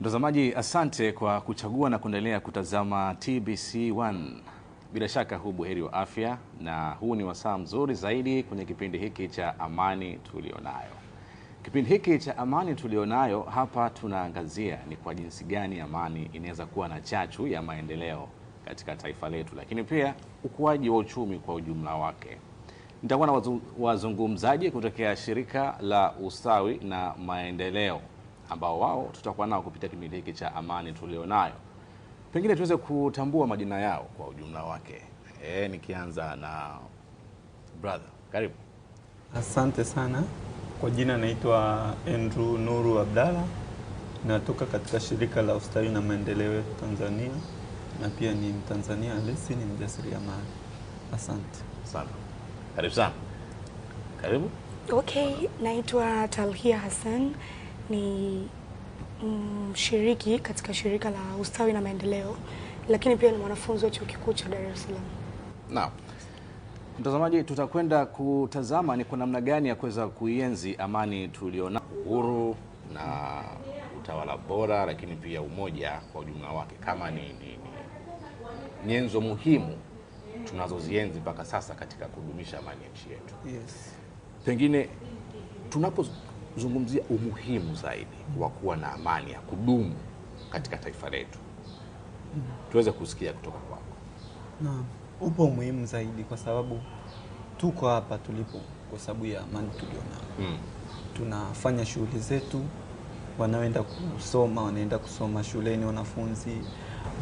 Mtazamaji, asante kwa kuchagua na kuendelea kutazama TBC1. Bila shaka huu buheri wa afya, na huu ni wasaa mzuri zaidi kwenye kipindi hiki cha Amani Tulionayo. Kipindi hiki cha Amani Tulionayo, hapa tunaangazia ni kwa jinsi gani amani inaweza kuwa na chachu ya maendeleo katika taifa letu, lakini pia ukuaji wa uchumi kwa ujumla wake. Nitakuwa na wazungumzaji kutokea shirika la ustawi na maendeleo ambao wao tutakuwa nao kupitia kipindi hiki cha Amani Tulionayo. Pengine tuweze kutambua majina yao kwa ujumla wake. E, nikianza na brother, karibu. Asante sana kwa jina, naitwa Andrew Nuru Abdalla, natoka katika shirika la ustawi na maendeleo Tanzania na pia ni Mtanzania halisi, ni mjasiriamali. Asante sana, karibu sana, karibu. Okay, naitwa Talhia Hassan ni mshiriki mm, katika shirika la ustawi na maendeleo, lakini pia ni mwanafunzi wa chuo kikuu cha Dar es Salaam. Naam. Mtazamaji, tutakwenda kutazama ni kwa namna gani ya kuweza kuienzi amani tuliona, uhuru na utawala bora, lakini pia umoja kwa ujumla wake kama ni, ni, ni nyenzo muhimu tunazozienzi mpaka sasa katika kudumisha amani ya nchi yetu. Yes. Pengine tunapo kuzungumzia umuhimu zaidi wa kuwa na amani ya kudumu katika taifa letu, tuweze kusikia kutoka kwako. Naam, upo umuhimu zaidi kwa sababu tuko hapa tulipo kwa sababu ya amani tulionayo. Mm. Tunafanya shughuli zetu, wanaoenda kusoma wanaenda kusoma shuleni, wanafunzi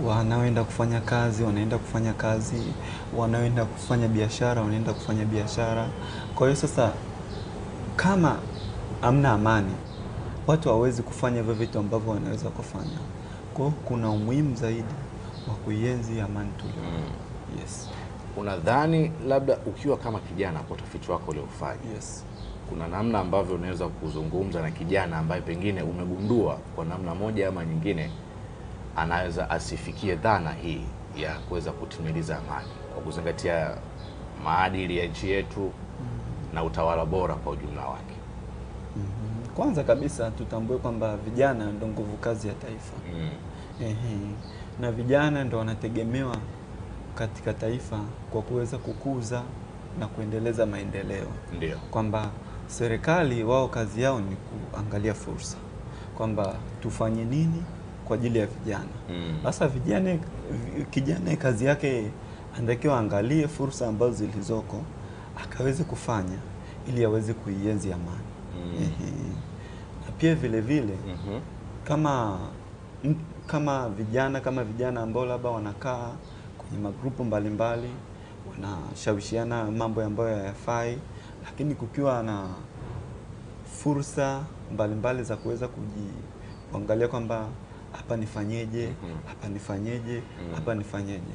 wanaoenda kufanya kazi wanaenda kufanya kazi, wanaoenda kufanya biashara wanaenda kufanya biashara. Kwa hiyo sasa kama hamna amani, watu hawawezi kufanya hivyo vitu ambavyo wanaweza kufanya. Kwa hiyo kuna umuhimu zaidi wa kuienzi amani tulio mm. Yes. Unadhani labda ukiwa kama kijana kwa utafiti wako uliofanya, yes. kuna namna ambavyo unaweza kuzungumza na kijana ambaye pengine umegundua kwa namna moja ama nyingine anaweza asifikie dhana hii ya kuweza kutimiliza amani kwa kuzingatia maadili ya nchi yetu mm. na utawala bora kwa ujumla wake? kwanza kabisa tutambue kwamba vijana ndo nguvu kazi ya taifa mm. Ehe, na vijana ndo wanategemewa katika taifa kwa kuweza kukuza na kuendeleza maendeleo. Ndio kwamba serikali wao kazi yao ni kuangalia fursa kwamba tufanye nini kwa ajili ya vijana mm. sasa. Mm. Vijana, kijana kazi yake anatakiwa angalie fursa ambazo zilizoko akaweze kufanya ili aweze kuienzi amani. Mm pia vile vile mm -hmm. kama kama vijana kama vijana ambao labda wanakaa kwenye magrupu mbalimbali wanashawishiana mambo ambayo hayafai, lakini kukiwa na fursa mbalimbali mbali za kuweza kujiangalia kwamba hapa nifanyeje, mm -hmm. hapa nifanyeje, mm -hmm. hapa nifanyeje.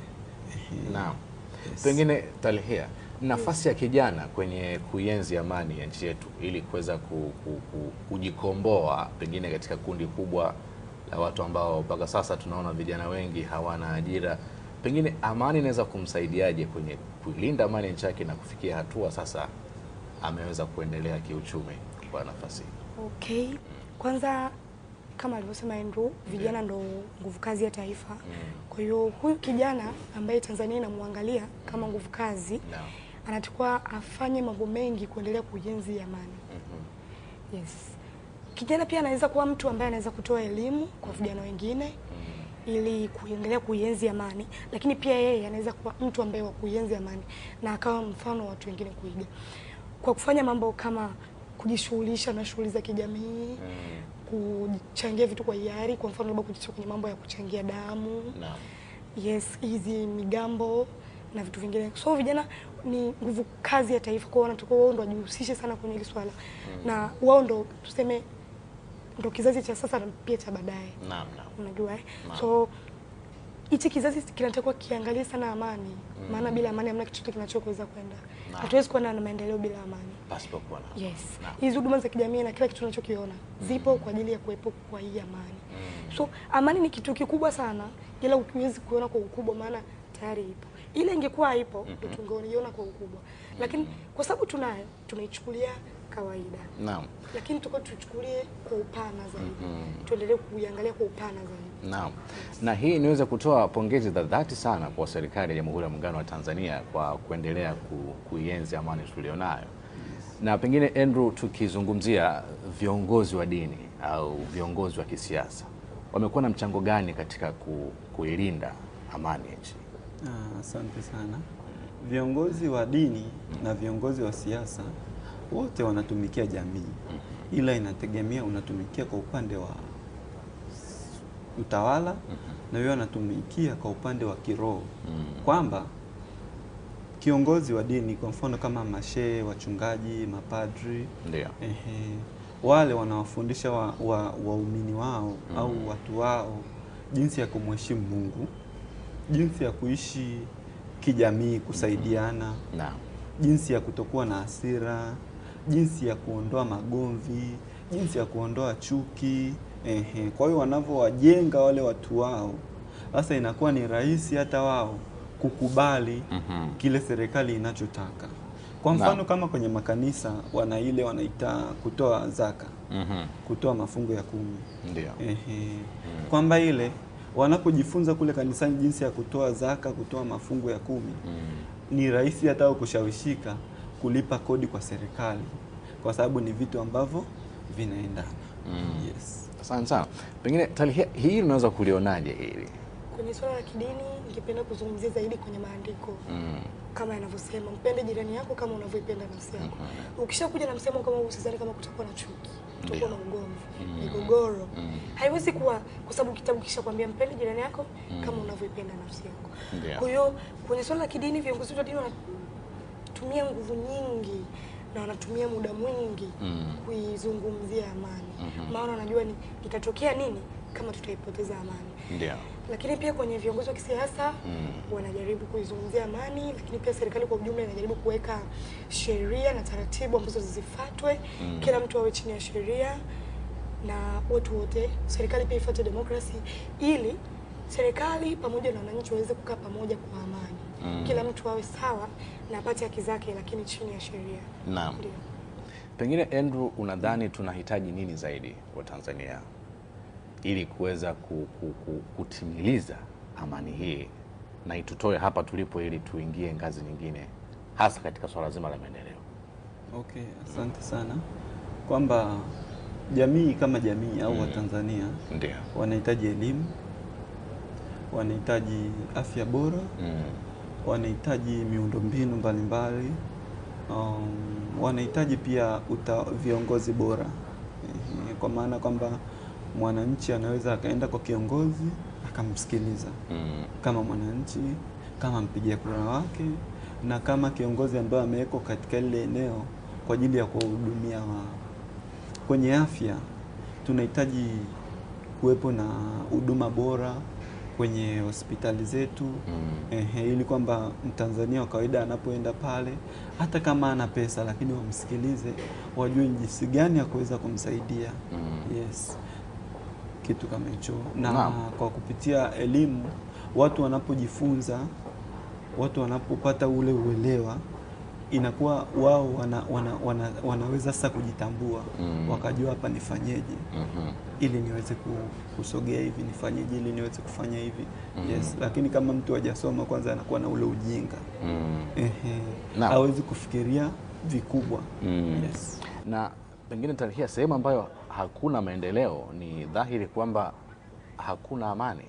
Naam. Yes. Pengine Talihia nafasi ya kijana kwenye kuienzi amani ya nchi yetu ili kuweza kujikomboa pengine katika kundi kubwa la watu ambao mpaka sasa tunaona vijana wengi hawana ajira, pengine amani inaweza kumsaidiaje kwenye kulinda amani ya nchi yake na kufikia hatua sasa ameweza kuendelea kiuchumi kwa nafasi hii? Okay. Kwanza kama alivyosema Andrew, vijana mm. ndo nguvu kazi ya taifa. Mm. Kwa hiyo huyu kijana ambaye Tanzania inamwangalia kama nguvu kazi no anatakiwa afanye mambo mengi kuendelea kujenzi amani. mm-hmm. Yes, kijana pia anaweza kuwa mtu ambaye anaweza kutoa elimu kwa vijana wengine mm-hmm. ili kuendelea kuienzi amani, lakini pia yeye anaweza kuwa mtu ambaye wa kuienzi amani na akawa mfano watu wengine kuiga kwa kufanya mambo kama kujishughulisha na shughuli za kijamii mm. kuchangia vitu kwa hiari, kwa mfano labda kujitoa kwenye mambo ya kuchangia damu no. Yes, hizi migambo na vitu vingine. So vijana ni nguvu kazi ya taifa, kwa wanatakiwa wao ndo wajihusishe sana kwenye hili swala mm. na wao ndo tuseme ndo kizazi cha sasa na pia cha baadaye. Naam, naam. Unajua eh? So hichi kizazi kinatakiwa kiangalie sana amani mm. maana bila amani hamna kitu kinachoweza kwenda. Hatuwezi kuwa na maendeleo bila amani. Pasipo kuwa na. Yes. Hizi huduma za kijamii na kila kitu tunachokiona mm. zipo mm. kwa ajili ya kuwepo kwa hii amani. Mm. So amani ni kitu kikubwa sana ila ukiwezi kuona kwa ukubwa maana tayari ipo ile ingekuwa ipo mm -hmm. tungeiona kwa ukubwa, lakini mhm. kwa sababu tunayo tunaichukulia kawaida naam, lakini tuko tuchukulie kwa upana zaidi mm -hmm. tuendelee kuiangalia kwa upana zaidi naam. Yes. Na hii niweze kutoa pongezi za dhati sana kwa serikali ya Jamhuri ya Muungano wa Tanzania kwa kuendelea ku, kuienzi amani tulionayo. Na pengine Andrew, tukizungumzia viongozi wa dini au viongozi wa kisiasa wamekuwa na mchango gani katika ku, kuilinda amani nchi? Ah, asante sana. Viongozi wa dini na viongozi wa siasa wote wanatumikia jamii, ila inategemea unatumikia kwa upande wa utawala na wewe unatumikia kwa upande wa kiroho, kwamba kiongozi wa dini, kwa mfano kama mashehe, wachungaji, mapadri, ndio ehe, wale wanawafundisha waumini wa, wa wao au mm. watu wao jinsi ya kumheshimu Mungu jinsi ya kuishi kijamii, kusaidiana na. jinsi ya kutokuwa na hasira, jinsi ya kuondoa magomvi, jinsi ya kuondoa chuki. Ehe, kwa hiyo wanavyowajenga wale watu wao, sasa inakuwa ni rahisi hata wao kukubali mm -hmm. kile serikali inachotaka. Kwa mfano na. kama kwenye makanisa wana ile wanaita kutoa zaka mm -hmm. kutoa mafungo ya kumi, ndio ehe, mhm. kwamba ile wanapojifunza kule kanisani jinsi ya kutoa zaka, kutoa mafungu ya kumi mm. ni rahisi hata kushawishika kulipa kodi kwa serikali, kwa sababu ni vitu ambavyo vinaendana. mm. Yes, asante sana. Pengine Talha, hii unaweza kulionaje hili kwenye swala la kidini? Ningependa kuzungumzia zaidi kwenye maandiko mm. kama yanavyosema, mpende jirani yako kama unavyoipenda nafsi yako. mm -hmm. Ukishakuja na msemo kama huu, sidhani kama kutakuwa na chuki kutokuwa na ugomvi, mm. migogoro mm. haiwezi kuwa, kwa sababu kitabu kwambia mpende jirani yako mm. kama unavyoipenda nafsi yako. Kwa hiyo kwenye swala la kidini, viongozi wa dini wanatumia nguvu nyingi na wanatumia muda mwingi kuizungumzia amani mm-hmm. maana wanajua ni itatokea nini kama tutaipoteza amani. Ndio. Lakini pia kwenye viongozi wa kisiasa mm. wanajaribu kuizungumzia amani, lakini pia serikali kwa ujumla inajaribu kuweka sheria na taratibu ambazo zifuatwe mm. kila mtu awe chini ya sheria na watu wote, serikali pia ifuate demokrasi ili serikali pamoja na wananchi waweze kukaa pamoja kwa amani mm. kila mtu awe sawa na apate haki zake, lakini chini ya sheria. Naam. Pengine Andrew, unadhani tunahitaji nini zaidi kwa Tanzania? ili kuweza kutimiliza amani hii na itutoe hapa tulipo ili tuingie ngazi nyingine, hasa katika swala zima la maendeleo. Okay, asante sana kwamba jamii kama jamii au mm. Watanzania mm. wanahitaji elimu, wanahitaji afya bora mm. wanahitaji miundombinu mbalimbali um, wanahitaji pia uta, viongozi bora kwa maana kwamba mwananchi anaweza akaenda kwa kiongozi akamsikiliza mm. kama mwananchi, kama mpigia kura wake na kama kiongozi ambaye amewekwa katika lile eneo kwa ajili ya kuwahudumia wao. Kwenye afya tunahitaji kuwepo na huduma bora kwenye hospitali zetu mm. eh, ili kwamba Mtanzania wa kawaida anapoenda pale, hata kama ana pesa, lakini wamsikilize, wajue jinsi gani ya kuweza kumsaidia mm. yes kitu kama hicho na, na kwa kupitia elimu watu wanapojifunza, watu wanapopata ule uelewa inakuwa wao wana, wana, wana, wanaweza sasa kujitambua mm. Wakajua hapa nifanyeje mm -hmm. Ili niweze kusogea hivi nifanyeje, ili niweze kufanya hivi mm -hmm. Yes, lakini kama mtu hajasoma kwanza anakuwa na ule ujinga mm. hawezi kufikiria vikubwa mm. Yes. Na pengine tutafikia sehemu ambayo hakuna maendeleo, ni dhahiri kwamba hakuna amani.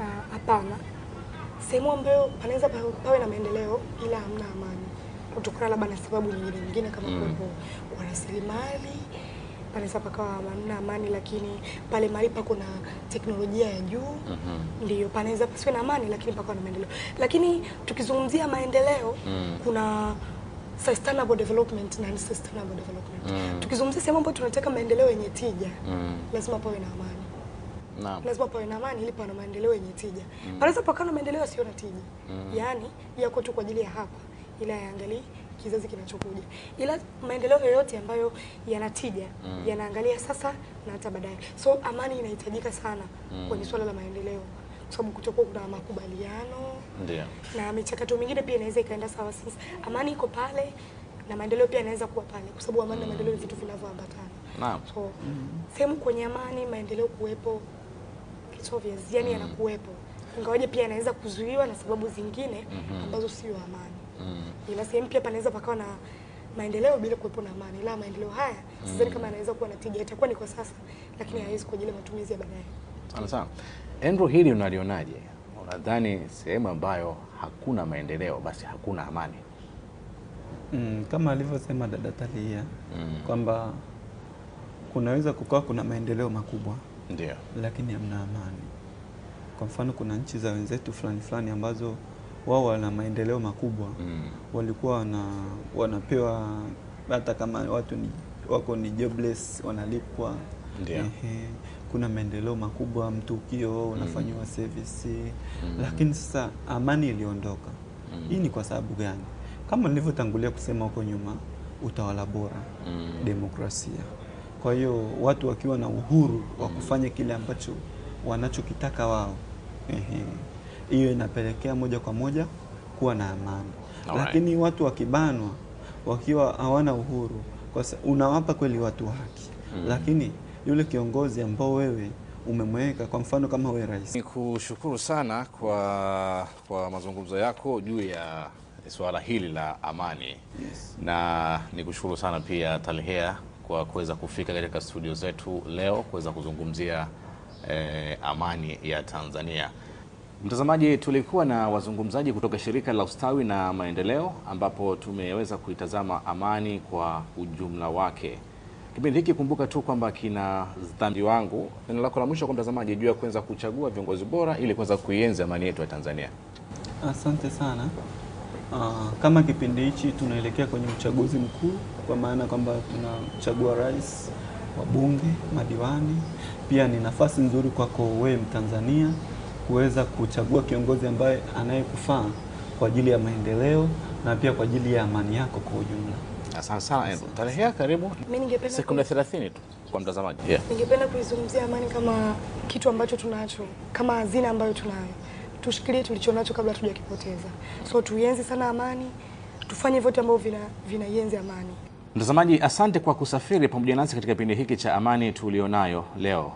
Ah, hapana, sehemu ambayo panaweza pawe na maendeleo ila hamna amani, kutokana labda na sababu nyingine nyingine kama mm. kuwepo mm. rasilimali panaweza pakawa hamna amani, lakini pale mahali pako na teknolojia ya juu mm -hmm. Ndio panaweza pasiwe na amani, lakini pakawa na maendeleo. Lakini tukizungumzia maendeleo mm. kuna sustainable development na sustainable development mm. Tukizungumzia sehemu ambayo tunataka maendeleo yenye tija mm. lazima pawe na amani Naam. Lazima pawe na amani ili pawe na maendeleo yenye tija. Mm. Panaweza pakawa na maendeleo yasiyo na tija. Mm. Yaani yako tu kwa ajili ya hapa ila yaangalii kizazi kinachokuja. Ila maendeleo yoyote ambayo yana tija mm. yanaangalia sasa na hata baadaye. So amani inahitajika sana mm. kwenye swala la maendeleo sababu kutakuwa kuna makubaliano ndio, na michakato mingine pia inaweza ikaenda sawa. Sasa amani iko pale na maendeleo pia yanaweza kuwa pale, kwa sababu amani na maendeleo ni vitu vinavyoambatana. Naam. So mm -hmm. sehemu kwenye amani maendeleo kuwepo kichovyezi, yani mm. yanakuwepo ingawaje pia yanaweza kuzuiwa na sababu zingine mm -hmm. ambazo sio amani mm. ila sehemu pia panaweza pakawa na maendeleo bila kuwepo na amani, La, maendeleo haya mm. sidhani kama yanaweza kuwa na tija, itakuwa ni kwa sasa, lakini mm. hayawezi kwa ajili ya matumizi ya baadaye sana sana. Andrew, hili unalionaje? Unadhani sehemu ambayo hakuna maendeleo basi hakuna amani? Mm, kama alivyosema dada Talia mm. kwamba kunaweza kukawa kuna maendeleo makubwa ndio, lakini hamna amani. Kwa mfano kuna nchi za wenzetu fulani fulani ambazo wao wana maendeleo makubwa mm. walikuwa wana, wanapewa hata kama watu ni, wako ni jobless wanalipwa. Ndio kuna maendeleo makubwa, mtu ukio unafanyiwa mm. service mm. Lakini sasa amani iliondoka mm. Hii ni kwa sababu gani? Kama nilivyotangulia kusema huko nyuma, utawala bora mm. demokrasia. Kwa hiyo watu wakiwa na uhuru wa mm. kufanya kile ambacho wanachokitaka wao, hiyo inapelekea moja kwa moja kuwa na amani. right. Lakini watu wakibanwa, wakiwa hawana uhuru, kwa unawapa kweli watu haki mm. lakini yule kiongozi ambao wewe umemweka kwa mfano kama wewe rais. Nikushukuru sana kwa, kwa mazungumzo yako juu ya suala hili la amani yes. Na nikushukuru sana pia Talhea kwa kuweza kufika katika studio zetu leo kuweza kuzungumzia eh, amani ya Tanzania. Mtazamaji, tulikuwa na wazungumzaji kutoka shirika la ustawi na maendeleo ambapo tumeweza kuitazama amani kwa ujumla wake. Kipindi hiki kumbuka tu kwamba kina dhambi wangu. Neno lako la mwisho kwa mtazamaji juu ya kuweza kuchagua viongozi bora ili kuweza kuienzi amani yetu ya Tanzania. Asante sana. Uh, kama kipindi hichi tunaelekea kwenye uchaguzi mkuu, kwa maana kwamba tunachagua rais, wabunge, madiwani. Pia ni nafasi nzuri kwako wewe Mtanzania kuweza kuchagua kiongozi ambaye anayekufaa kwa ajili ya maendeleo na pia kwa ajili ya amani yako kwa ujumla. Asante sana Endo, tarehe ya karibu mimi ningependa sekunde 30 tu kwa mtazamaji. Yeah. Ningependa kuizungumzia amani kama kitu ambacho tunacho, kama hazina ambayo tunayo. Tushikilie tulicho nacho kabla tujakipoteza. So tuienzi sana amani, tufanye vyote ambavyo vinaienzi vina amani. Mtazamaji, asante kwa kusafiri pamoja nasi katika kipindi hiki cha amani tulionayo leo,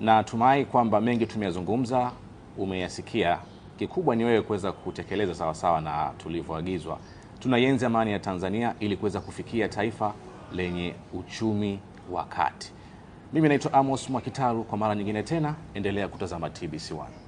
na tumai kwamba mengi tumeyazungumza, umeyasikia. Kikubwa ni wewe kuweza kutekeleza sawasawa na tulivyoagizwa tunaienzi amani ya Tanzania ili kuweza kufikia taifa lenye uchumi wa kati. Mimi naitwa Amos Mwakitaru, kwa mara nyingine tena endelea kutazama TBC1.